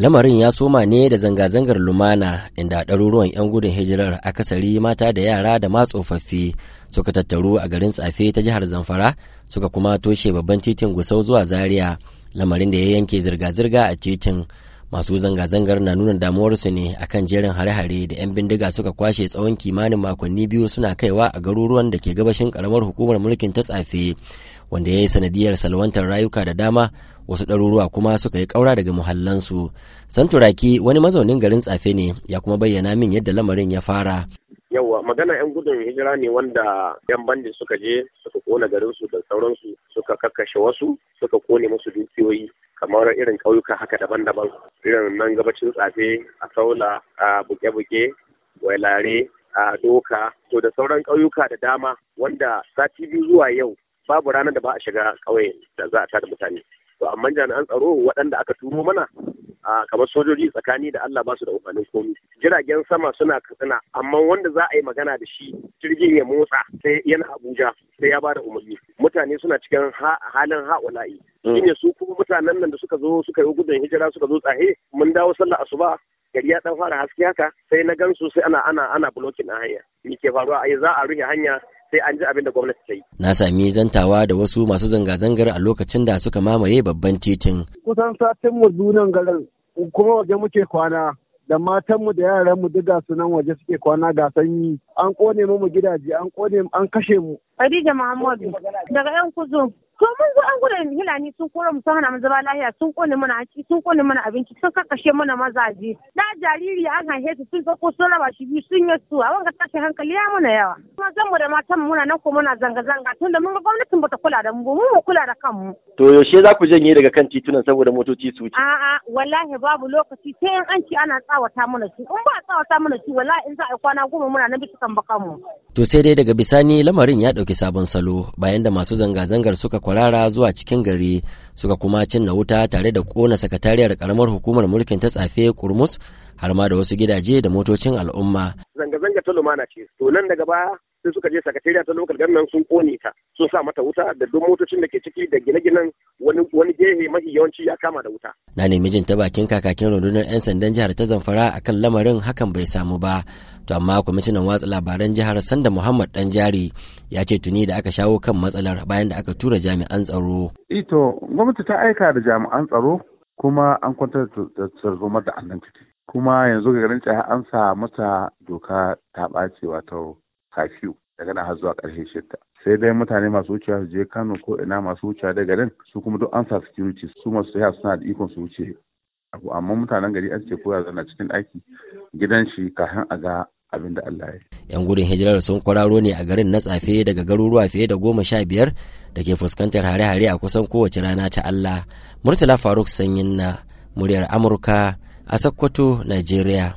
Lamarin ya soma ne da zanga-zangar lumana inda ɗaruruwan 'yan gudun hijirar akasari mata da yara da ma tsofaffi suka tattaru a garin tsafe ta jihar Zamfara suka kuma toshe babban titin Gusau zuwa Zaria lamarin da ya yanke zirga-zirga a titin. Masu zanga-zangar na nuna damuwarsu ne akan jerin hare-hare da 'yan bindiga suka kwashe tsawon kimanin makonni biyu suna kaiwa a garuruwan da ke gabashin karamar hukumar mulkin ta tsafe wanda ya yi sanadiyar salwantar rayuka da dama wasu ɗaruruwa kuma suka yi ƙaura daga muhallansu santuraki wani mazaunin garin tsafe ne ya kuma bayyana min yadda lamarin ya fara Yawwa, magana yan gudun hijira ne wanda yan bandin suka je suka kona garinsu da sauransu suka kakkashe wasu suka kone musu dukiyoyi kamar irin ƙauyuka haka daban-daban irin nan gabacin tsafe a saula a buke-buke wailare a doka to da sauran ƙauyuka da dama wanda sati biyu zuwa yau babu ranar da ba a shiga ƙauye da za a tada mutane to amma jami'an tsaro waɗanda aka turo mana a kamar sojoji tsakani da Allah ba su da amfanin komi jiragen sama suna katsina amma wanda za a yi magana da shi jirgin ya motsa sai yana Abuja sai ya ba da umarni mutane suna cikin halin ha'ula'i mm. ne su kuma mutanen nan da suka zo suka yi gudun hijira suka zo tsahe mun dawo sallah asuba gari ya dan fara haske haka sai na gansu sai ana ana ana blocking a hanya Ni ke faruwa ai za a rufe hanya sai an ji abin da gwamnati ta yi. Na sami zantawa da wasu masu zanga-zangar a lokacin da suka mamaye babban titin. Kusan satin mu dunan garin kuma waje muke kwana da matanmu da yaranmu duk ga sunan waje suke kwana ga sanyi an kone mu gidaje an kone an kashe mu. Khadija Muhammadu daga yan kuzo. to mun zo an gudan hilani sun kora mu sun hana zama lahiya sun kone mana hanci sun kone mana abinci sun kakkashe mana mazaje na jariri an haife su sun tsako sun raba shi biyu sun yi su a wanga tashi hankali ya mana yawa kuma zan mu da matan muna nan ko muna zanga zanga tunda mun ga gwamnatin bata kula da mu ba mu mu kula da kanmu to yaushe za ku janye daga kan titunan saboda motoci su wuce a'a wallahi babu lokaci sai an ci ana tsawata mana shi in ba tsawata mana su wallahi in za a kwana goma muna na bisa kan bakanmu to sai dai daga bisani lamarin ya dauki sabon salo bayan da masu zanga zangar suka kwarara zuwa cikin gari suka kuma cinna wuta tare da kona sakatariyar karamar hukumar mulkin ta tsafe kurmus har ma da wasu gidaje da motocin al'umma. Zanga-zanga ta lumana ce, to nan daga baya sai suka je sakatariya ta lokal gannan sun kone ta, sun sa mata wuta da duk motocin da ke ciki da gine-ginen wani wani gehe mafi yawanci ya kama da wuta. Na nemi jin ta bakin kakakin rundunar 'yan sandan jihar ta zamfara akan lamarin hakan bai samu ba. To amma kwamishinan watsa labaran jihar Sanda Muhammad Dan Jari ya ce tuni da aka shawo kan matsalar bayan da aka tura jami'an tsaro. Ito gwamnati ta aika da jami'an tsaro kuma an kwantar da tarzoma da annan ciki. Kuma yanzu ga garin an sa mata doka ta ɓace ta kafiyu daga nan har zuwa ƙarshen shidda. sai dai mutane masu wucewa su je kano ko ina masu wucewa daga nan su kuma duk an sa security su masu tsaya suna da ikon su wuce abu amma mutanen gari an ce koya zana cikin aiki gidan shi kafin a ga abin da Allah ya yi. Yan gudun hijirar sun kwararo ne a garin na tsafe daga garuruwa fiye da goma sha biyar da ke fuskantar hare-hare a kusan kowace rana ta Allah. Murtala Faruk Sanyin na muryar Amurka a Sokoto, Najeriya.